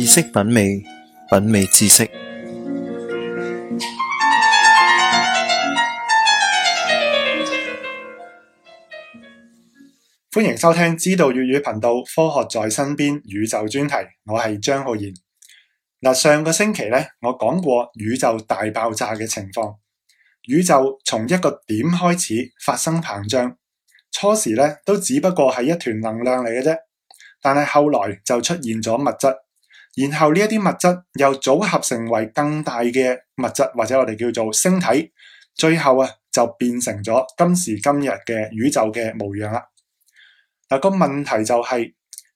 知識品味，品味知識。歡迎收聽知道粵語頻道《科學在身邊·宇宙》專題。我係張浩然。嗱，上個星期咧，我講過宇宙大爆炸嘅情況。宇宙從一個點開始發生膨脹，初時咧都只不過係一團能量嚟嘅啫，但係後來就出現咗物質。然後呢一啲物質又組合成為更大嘅物質，或者我哋叫做星體，最後啊，就變成咗今時今日嘅宇宙嘅模樣啦。嗱、個問題就係、是、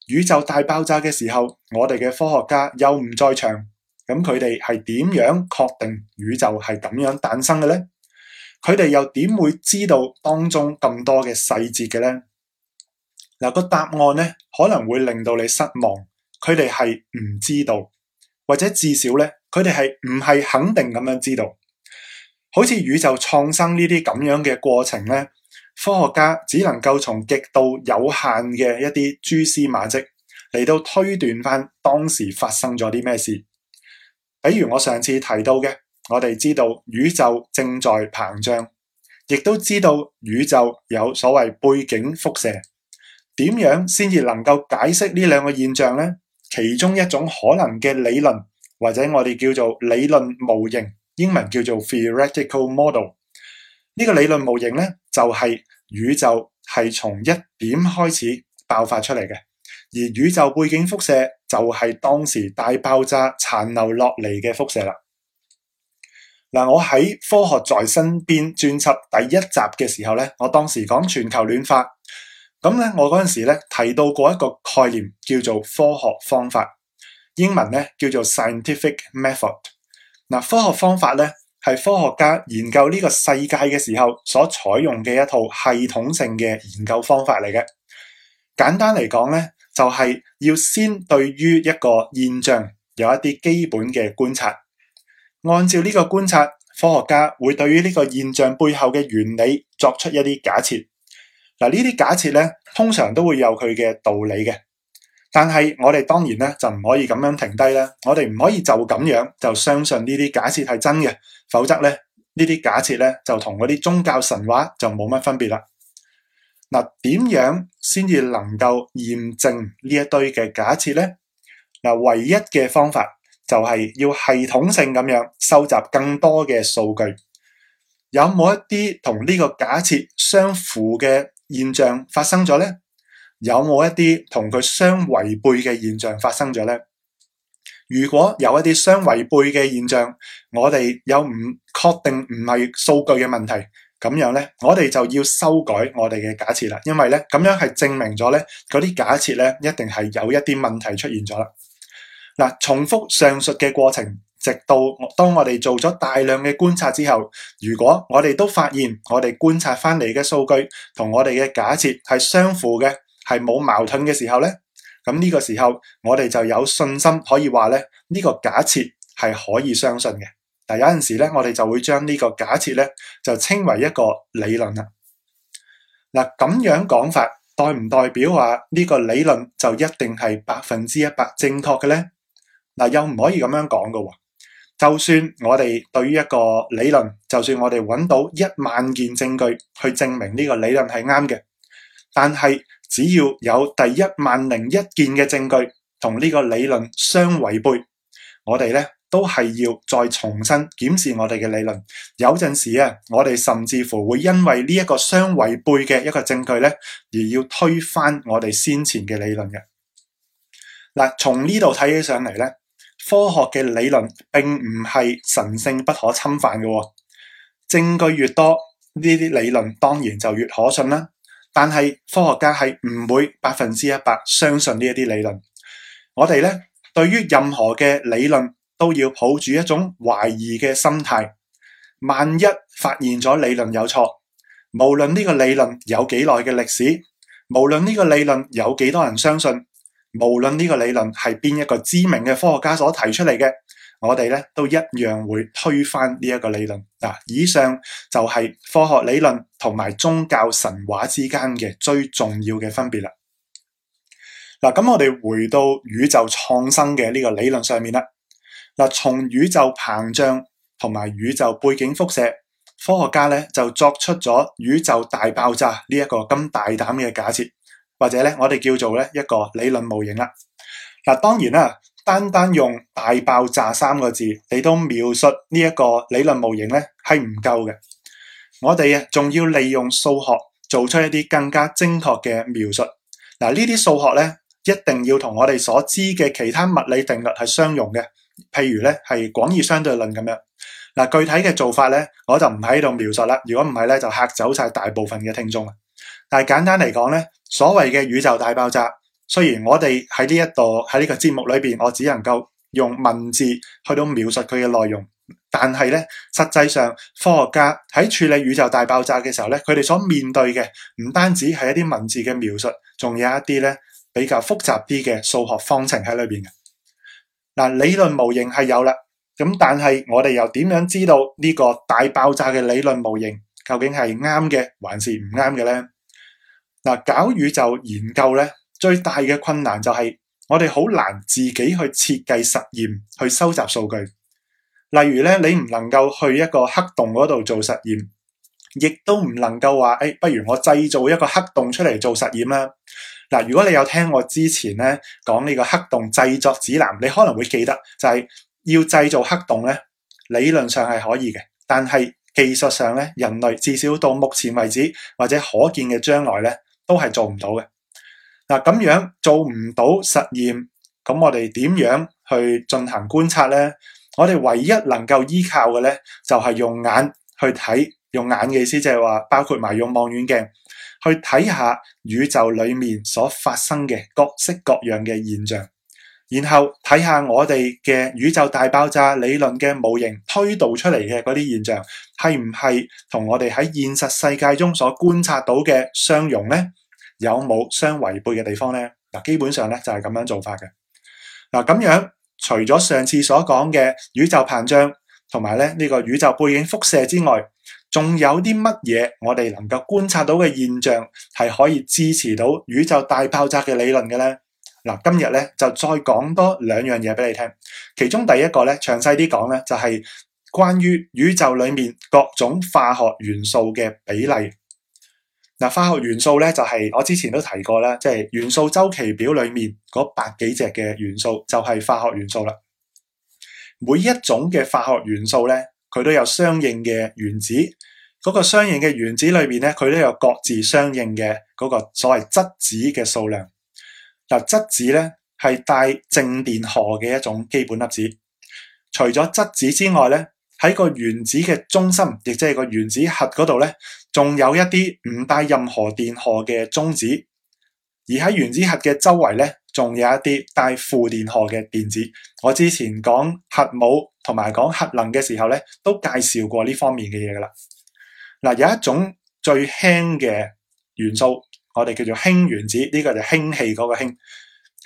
宇宙大爆炸嘅時候，我哋嘅科學家又唔在場，咁佢哋係點樣確定宇宙係咁樣誕生嘅呢？佢哋又點會知道當中咁多嘅細節嘅呢？嗱、個答案呢可能會令到你失望。佢哋係唔知道，或者至少咧，佢哋係唔係肯定咁樣知道。好似宇宙創生呢啲咁樣嘅過程咧，科學家只能夠從極度有限嘅一啲蛛絲馬跡嚟到推斷翻當時發生咗啲咩事。比如我上次提到嘅，我哋知道宇宙正在膨脹，亦都知道宇宙有所謂背景輻射。點樣先至能夠解釋呢兩個現象呢？其中一種可能嘅理論，或者我哋叫做理論模型，英文叫做 theoretical model。呢個理論模型呢，就係宇宙係從一點開始爆發出嚟嘅，而宇宙背景輻射就係當時大爆炸殘留落嚟嘅輻射啦。嗱，我喺《科學在身邊》專輯第一集嘅時候呢，我當時講全球暖化。咁咧，我嗰陣時咧提到過一個概念，叫做科學方法，英文咧叫做 Scientific Method。嗱，科學方法咧係科學家研究呢個世界嘅時候所採用嘅一套系統性嘅研究方法嚟嘅。簡單嚟講咧，就係要先對於一個現象有一啲基本嘅觀察，按照呢個觀察，科學家會對於呢個現象背後嘅原理作出一啲假設。嗱，呢啲假設咧，通常都會有佢嘅道理嘅。但係我哋當然咧就唔可以咁樣停低啦。我哋唔可以就咁樣就相信呢啲假設係真嘅，否則咧呢啲假設咧就同嗰啲宗教神話就冇乜分別啦。嗱、啊，點樣先至能夠驗證呢一堆嘅假設咧？嗱、啊，唯一嘅方法就係要系統性咁樣收集更多嘅數據，有冇一啲同呢個假設相符嘅？現象發生咗呢？有冇一啲同佢相違背嘅現象發生咗呢？如果有一啲相違背嘅現象，我哋有唔確定唔係數據嘅問題，咁樣呢，我哋就要修改我哋嘅假設啦。因為呢，咁樣係證明咗呢嗰啲假設呢，一定係有一啲問題出現咗啦。嗱，重複上述嘅過程。直到當我哋做咗大量嘅觀察之後，如果我哋都發現我哋觀察翻嚟嘅數據同我哋嘅假設係相符嘅，係冇矛盾嘅時候咧，咁呢個時候我哋就有信心可以話咧，呢個假設係可以相信嘅。但有陣時咧，我哋就會將呢個假設咧就稱為一個理論啦。嗱，咁樣講法代唔代表話呢個理論就一定係百分之一百正確嘅咧？嗱，又唔可以咁樣講㗎喎。就算我哋對於一個理論，就算我哋揾到一萬件證據去證明呢個理論係啱嘅，但係只要有第一萬零一件嘅證據同呢個理論相違背，我哋咧都係要再重新檢視我哋嘅理論。有陣時啊，我哋甚至乎會因為呢一個相違背嘅一個證據咧，而要推翻我哋先前嘅理論嘅。嗱，從呢度睇起上嚟咧。科學嘅理論並唔係神聖不可侵犯嘅，證據越多，呢啲理論當然就越可信啦，但係科學家係唔會無論呢個理論係邊一個知名嘅科學家所提出嚟嘅，我哋咧都一樣會推翻呢一個理論。嗱，以上就係科學理論同埋宗教神話之間嘅最重要嘅分別啦。嗱，咁我哋回到宇宙創生嘅呢個理論上面啦。嗱，從宇宙膨脹同埋宇宙背景輻射，科學家咧就作出咗宇宙大爆炸呢一個咁大膽嘅假設。或者咧，我哋叫做咧一個理論模型啦。嗱，當然啦，單單用大爆炸三個字，你都描述呢一個理論模型咧係唔夠嘅。我哋啊，仲要利用數學做出一啲更加精確嘅描述。嗱，呢啲數學咧，一定要同我哋所知嘅其他物理定律係相容嘅。譬如咧，係廣義相對論咁樣。嗱，具體嘅做法咧，我就唔喺度描述啦。如果唔係咧，就嚇走晒大部分嘅聽眾但係簡單嚟講咧，所謂嘅宇宙大爆炸，雖然我哋喺呢一度喺呢個節目裏邊，我只能夠用文字去到描述佢嘅內容，但係咧，實際上科學家喺處理宇宙大爆炸嘅時候咧，佢哋所面對嘅唔單止係一啲文字嘅描述，仲有一啲咧比較複雜啲嘅數學方程喺裏邊嘅。嗱，理論模型係有啦，咁但係我哋又點樣知道呢個大爆炸嘅理論模型究竟係啱嘅還是唔啱嘅咧？嗱，搞宇宙研究咧，最大嘅困難就係我哋好難自己去設計實驗，去收集數據。例如咧，你唔能夠去一個黑洞嗰度做實驗，亦都唔能夠話，誒、哎，不如我製造一個黑洞出嚟做實驗啦。嗱，如果你有聽我之前咧講呢個黑洞製作指南，你可能會記得，就係、是、要製造黑洞咧，理論上係可以嘅，但係技術上咧，人類至少到目前為止或者可見嘅將來咧。都係做唔到嘅。嗱，咁樣做唔到實驗，咁我哋點樣去進行觀察咧？我哋唯一能夠依靠嘅咧，就係用眼去睇，用眼嘅意思就係話，包括埋用望遠鏡去睇下宇宙裏面所發生嘅各式各樣嘅現象，然後睇下我哋嘅宇宙大爆炸理論嘅模型推導出嚟嘅嗰啲現象，係唔係同我哋喺現實世界中所觀察到嘅相容咧？有冇相違背嘅地方咧？嗱，基本上咧就係咁樣做法嘅。嗱，咁樣除咗上次所講嘅宇宙膨脹同埋咧呢個宇宙背景輻射之外，仲有啲乜嘢我哋能夠觀察到嘅現象係可以支持到宇宙大爆炸嘅理論嘅咧？嗱，今日咧就再講多兩樣嘢俾你聽。其中第一個咧詳細啲講咧就係關於宇宙裏面各種化學元素嘅比例。嗱，化學元素咧就係我之前都提過啦，即係元素周期表裏面嗰百幾隻嘅元素就係化學元素啦。每一種嘅化學元素咧，佢都有相應嘅原子，嗰個相應嘅原子裏面咧，佢都有各自相應嘅嗰個所謂質子嘅數量。嗱，質子咧係帶正電荷嘅一種基本粒子。除咗質子之外咧。喺個原子嘅中心，亦即係個原子核嗰度咧，仲有一啲唔帶任何電荷嘅中子；而喺原子核嘅周圍咧，仲有一啲帶負電荷嘅電子。我之前講核武同埋講核能嘅時候咧，都介紹過呢方面嘅嘢噶啦。嗱，有一種最輕嘅元素，我哋叫做氫原子，呢個就氫氣嗰個氫。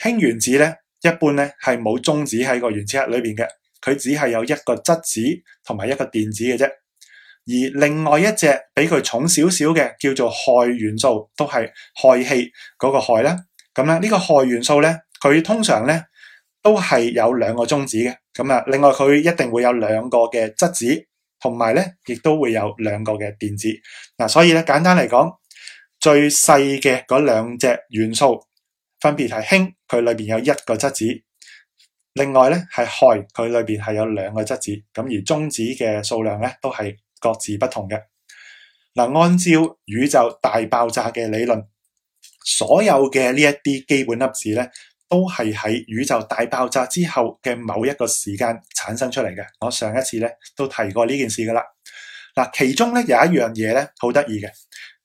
氫原子咧，一般咧係冇中子喺個原子核裏邊嘅。佢只係有一個質子同埋一個電子嘅啫，而另外一隻比佢重少少嘅叫做氦元素，都係氦氣嗰個氦啦。咁咧，呢個氦元素咧，佢通常咧都係有兩個中子嘅。咁啊，另外佢一定會有兩個嘅質子，同埋咧亦都會有兩個嘅電子。嗱，所以咧，簡單嚟講，最細嘅嗰兩隻元素分別係氫，佢裏邊有一個質子。另外咧，係氦，佢裏邊係有兩個質子，咁而中子嘅數量咧都係各自不同嘅。嗱，按照宇宙大爆炸嘅理論，所有嘅呢一啲基本粒子咧，都係喺宇宙大爆炸之後嘅某一個時間產生出嚟嘅。我上一次咧都提過呢件事噶啦。嗱，其中咧有一樣嘢咧好得意嘅，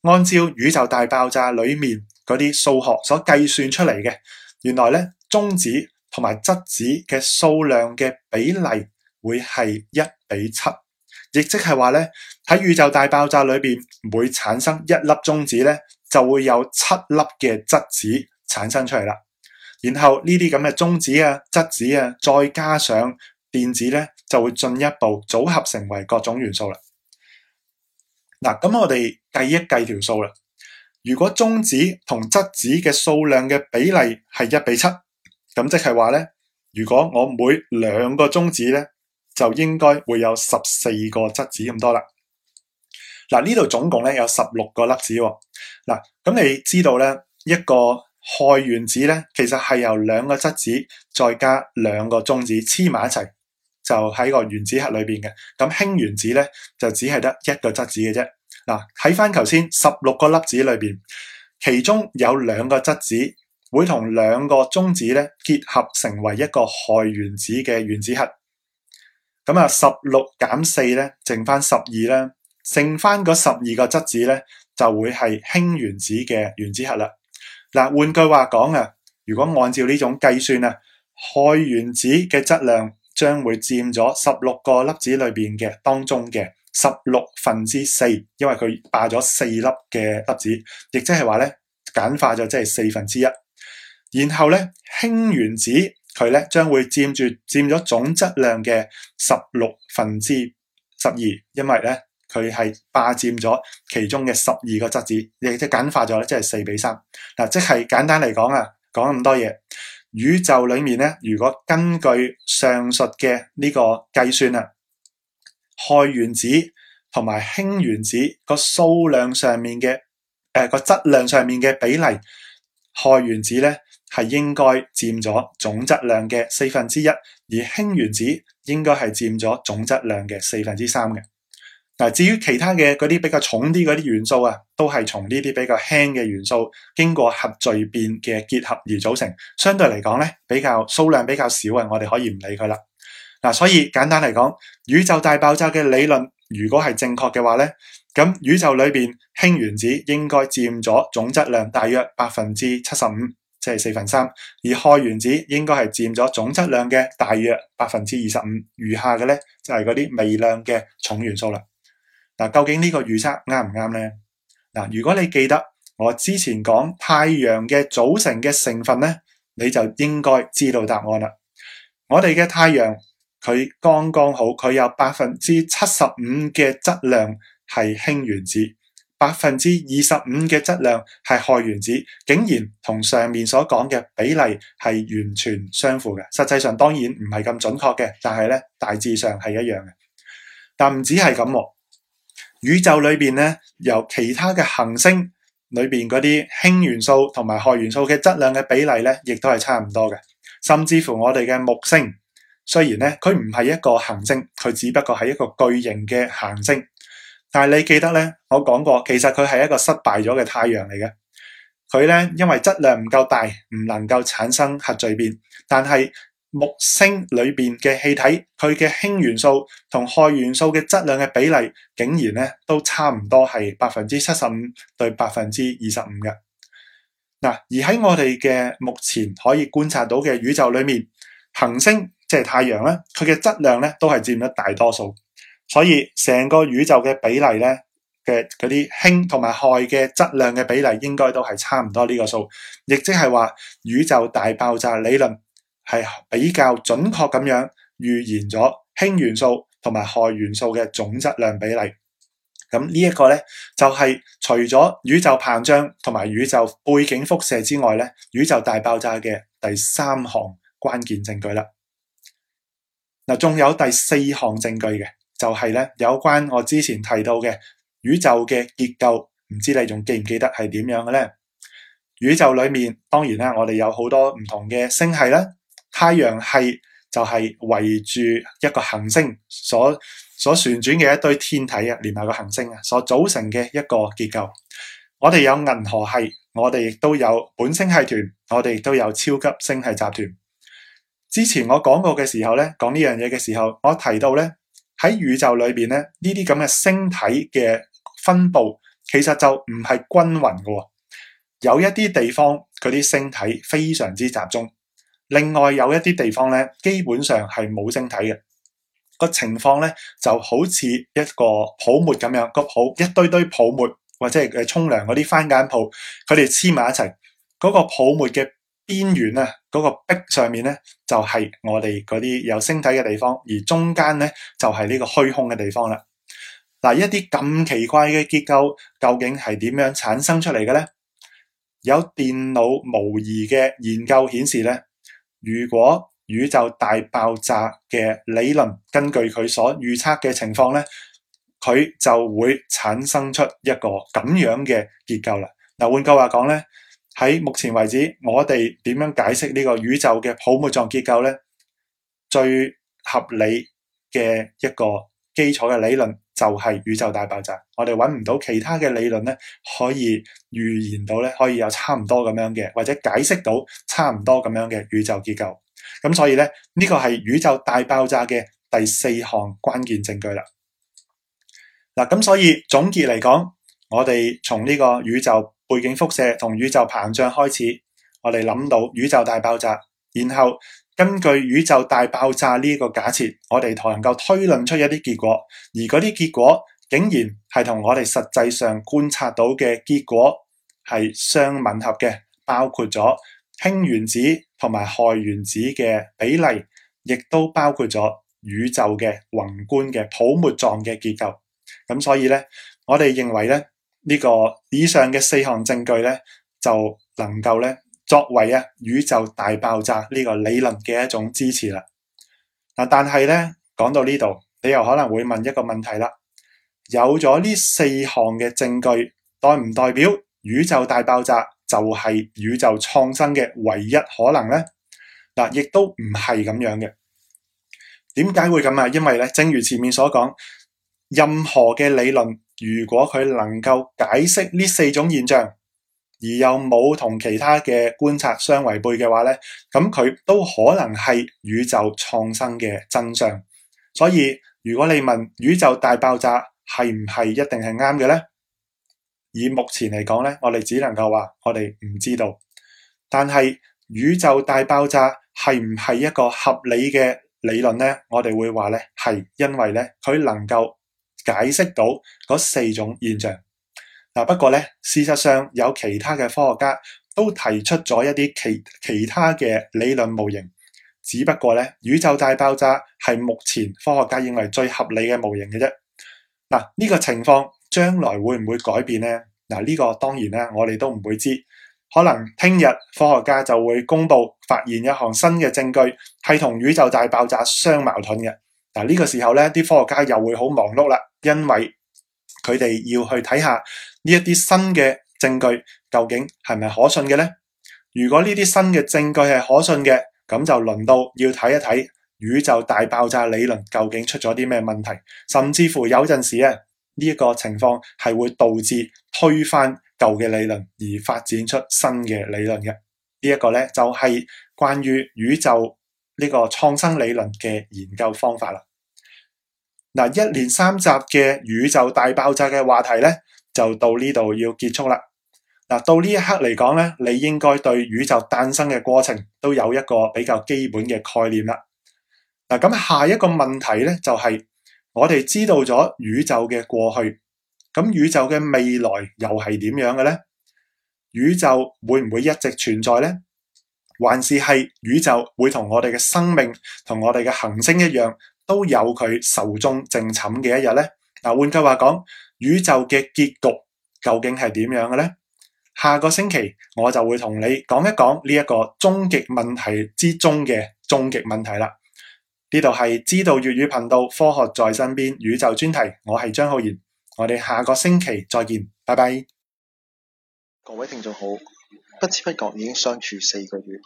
按照宇宙大爆炸裏面嗰啲數學所計算出嚟嘅，原來咧中子。同埋質子嘅數量嘅比例會係一比七，亦即係話咧喺宇宙大爆炸裏邊每產生一粒中子咧，就會有七粒嘅質子產生出嚟啦。然後呢啲咁嘅中子啊、質子啊，再加上電子咧，就會進一步組合成為各種元素啦。嗱，咁我哋計一計條數啦。如果中子同質子嘅數量嘅比例係一比七。咁即係話咧，如果我每兩個中子咧，就應該會有十四個質子咁多啦。嗱，呢度總共咧有十六個粒子。嗱，咁你知道咧，一個氦原子咧，其實係由兩個質子再加兩個中子黐埋一齊，就喺個原子核裏邊嘅。咁氫原子咧，就只係得一個質子嘅啫。嗱，睇翻頭先，十六個粒子裏邊，其中有兩個質子，會同兩個中子咧結合成為一個氦原子嘅原子核，咁啊十六減四咧，剩翻十二咧，剩翻嗰十二個質子咧就會係氫原子嘅原子核啦。嗱，換句話講啊，如果按照呢種計算啊，氦原子嘅質量將會佔咗十六個粒子裏邊嘅當中嘅十六分之四，因為佢霸咗四粒嘅粒子，亦即係話咧簡化咗即係四分之一。然後咧，氫原子佢咧將會占住占咗總質量嘅十六分之十二，因為咧佢係霸占咗其中嘅十二個質子，亦即係簡化咗咧，即係四比三。嗱、啊，即係簡單嚟講啊，講咁多嘢，宇宙裏面咧，如果根據上述嘅呢個計算啊，氦原子同埋氫原子個數量上面嘅誒個質量上面嘅比例，氦原子咧。係應該佔咗總質量嘅四分之一，而氫原子應該係佔咗總質量嘅四分之三嘅。嗱，至於其他嘅嗰啲比較重啲嗰啲元素啊，都係從呢啲比較輕嘅元素經過核聚變嘅結合而組成。相對嚟講咧，比較數量比較少，我哋可以唔理佢啦。嗱，所以簡單嚟講，宇宙大爆炸嘅理論如果係正確嘅話咧，咁宇宙裏邊氫原子應該佔咗總質量大約百分之七十五。即係四分三，而氦原子應該係佔咗總質量嘅大約百分之二十五，餘下嘅咧，就係嗰啲微量嘅重元素啦。嗱，究竟呢個預測啱唔啱咧？嗱，如果你記得我之前講太陽嘅組成嘅成分咧，你就應該知道答案啦。我哋嘅太陽佢剛剛好，佢有百分之七十五嘅質量係氫原子。百分之二十五嘅質量係氦原子，竟然同上面所講嘅比例係完全相符嘅。實際上當然唔係咁準確嘅，但係咧大致上係一樣嘅。但唔止係咁，宇宙裏邊咧由其他嘅行星裏邊嗰啲氫元素同埋氦元素嘅質量嘅比例咧，亦都係差唔多嘅。甚至乎我哋嘅木星，雖然咧佢唔係一個行星，佢只不過係一個巨型嘅行星。但係你記得咧，我講過，其實佢係一個失敗咗嘅太陽嚟嘅。佢咧因為質量唔夠大，唔能夠產生核聚變。但係木星裏邊嘅氣體，佢嘅氫元素同氦元素嘅質量嘅比例，竟然咧都差唔多係百分之七十五對百分之二十五嘅。嗱，而喺我哋嘅目前可以觀察到嘅宇宙裏面，恆星即係太陽咧，佢嘅質量咧都係佔咗大多數。所以成個宇宙嘅比例咧嘅嗰啲氫同埋氦嘅質量嘅比例應該都係差唔多呢個數，亦即係話宇宙大爆炸理論係比較準確咁樣預言咗氫元素同埋氦元素嘅總質量比例。咁呢一個咧就係、是、除咗宇宙膨脹同埋宇宙背景輻射之外咧，宇宙大爆炸嘅第三項關鍵證據啦。嗱，仲有第四項證據嘅。就係咧，有關我之前提到嘅宇宙嘅結構，唔知你仲記唔記得係點樣嘅咧？宇宙裏面當然啦，我哋有好多唔同嘅星系啦，太陽系就係圍住一個行星所所旋轉嘅一堆天體啊，連埋個行星啊所組成嘅一個結構。我哋有銀河系，我哋亦都有本星系團，我哋亦都有超級星系集團。之前我講過嘅時候咧，講呢樣嘢嘅時候，我提到咧。喺宇宙裏面咧，呢啲咁嘅星體嘅分布其實就唔係均勻嘅。哦，有一啲地方佢啲星體非常之集中，另外有一啲地方咧，基本上係冇星體嘅。個情況咧就好似一個泡沫咁樣，個泡一堆堆泡沫或者係誒沖涼嗰啲番梘泡，佢哋黐埋一齊，嗰個泡沫嘅邊緣啊，嗰、嗰個壁上面咧，就係、係、我哋嗰啲有星體嘅地方，而中間咧就係、係、呢個虛空嘅地方啦。嗱，一啲咁奇怪嘅結構究竟係點樣產生出嚟嘅咧？有電腦模擬嘅研究顯示咧，如果宇宙大爆炸嘅理論根據佢所預測嘅情況咧，佢就會產生出一個咁樣嘅結構啦。嗱，換句話講咧。喺目前為止，我哋點樣解釋呢個宇宙嘅泡沫狀結構咧？最合理嘅一個基礎嘅理論就係宇宙大爆炸。我哋揾唔到其他嘅理論咧，可以預言到咧，可以有差唔多咁樣嘅，或者解釋到差唔多咁樣嘅宇宙結構。咁所以咧，呢個係宇宙大爆炸嘅第四項關鍵證據啦。嗱，咁所以總結嚟講，我哋從呢個宇宙。背景輻射同宇宙膨脹開始，我哋諗到宇宙大爆炸，然後根據宇宙大爆炸呢個假設，我哋才能夠推論出一啲結果，而嗰啲結果竟然係同我哋實際上觀察到嘅結果係相吻合嘅，包括咗氫原子同埋氦原子嘅比例，亦都包括咗宇宙嘅宏觀嘅泡沫狀嘅結構。咁所以咧，我哋認為咧。呢、這個以上嘅四項證據咧，就能夠咧作為啊宇宙大爆炸呢個理論嘅一種支持啦。嗱，但係咧講到呢度，你又可能會問一個問題啦：有咗呢四項嘅證據，代唔代表宇宙大爆炸就係宇宙創生嘅唯一可能呢？嗱，亦都唔係咁樣嘅。點解會咁啊？因為咧，正如前面所講。任何嘅理論，如果佢能夠解釋呢四種現象，而又冇同其他嘅觀察相違背嘅話咧，咁佢都可能係宇宙創生嘅真相。所以如果你問宇宙大爆炸係唔係一定係啱嘅咧，以目前嚟講咧，我哋只能夠話我哋唔知道。但係宇宙大爆炸係唔係一個合理嘅理論咧？我哋會話咧係，因為咧佢能夠。解釋到嗰四種現象。嗱，不過咧，事實上有其他嘅科學家都提出咗一啲其其他嘅理論模型。只不過咧，宇宙大爆炸係目前科學家認為最合理嘅模型嘅啫。嗱，呢個情況將來會唔會改變呢？嗱，呢個當然咧，我哋都唔會知。可能聽日科學家就會公佈發現一項新嘅證據，係同宇宙大爆炸相矛盾嘅。嗱、這、呢個時候咧，啲科學家又會好忙碌啦，因為佢哋要去睇下呢一啲新嘅證據究竟係咪可信嘅呢？如果呢啲新嘅證據係可信嘅，咁就輪到要睇一睇宇宙大爆炸理論究竟出咗啲咩問題？甚至乎有陣時咧，呢、這、一個情況係會導致推翻舊嘅理論而發展出新嘅理論嘅。呢、這、一個咧就係關於宇宙。呢、這個創新理論嘅研究方法啦，嗱，一連三集嘅宇宙大爆炸嘅話題咧，就到呢度要結束啦。嗱，到呢一刻嚟講咧，你應該對宇宙誕生嘅過程都有一個比較基本嘅概念啦。嗱，咁下一個問題咧就係、是，我哋知道咗宇宙嘅過去，咁宇宙嘅未來又係點樣嘅咧？宇宙會唔會一直存在咧？還是係宇宙會同我哋嘅生命同我哋嘅行星一樣，都有佢壽終正寢嘅一日呢？嗱，換句話講，宇宙嘅結局究竟係點樣嘅呢？下個星期我就會同你講一講呢一個終極問題之中嘅終極問題啦。呢度係知道粵語頻道科學在身邊宇宙專題，我係張浩然，我哋下個星期再見，拜拜。各位聽眾好。不知不覺已經相處四個月，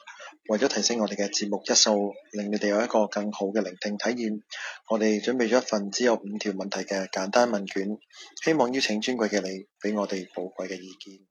為咗提升我哋嘅節目質素，令你哋有一個更好嘅聆聽體驗，我哋準備咗一份只有五條問題嘅簡單問卷，希望邀請尊貴嘅你俾我哋寶貴嘅意見。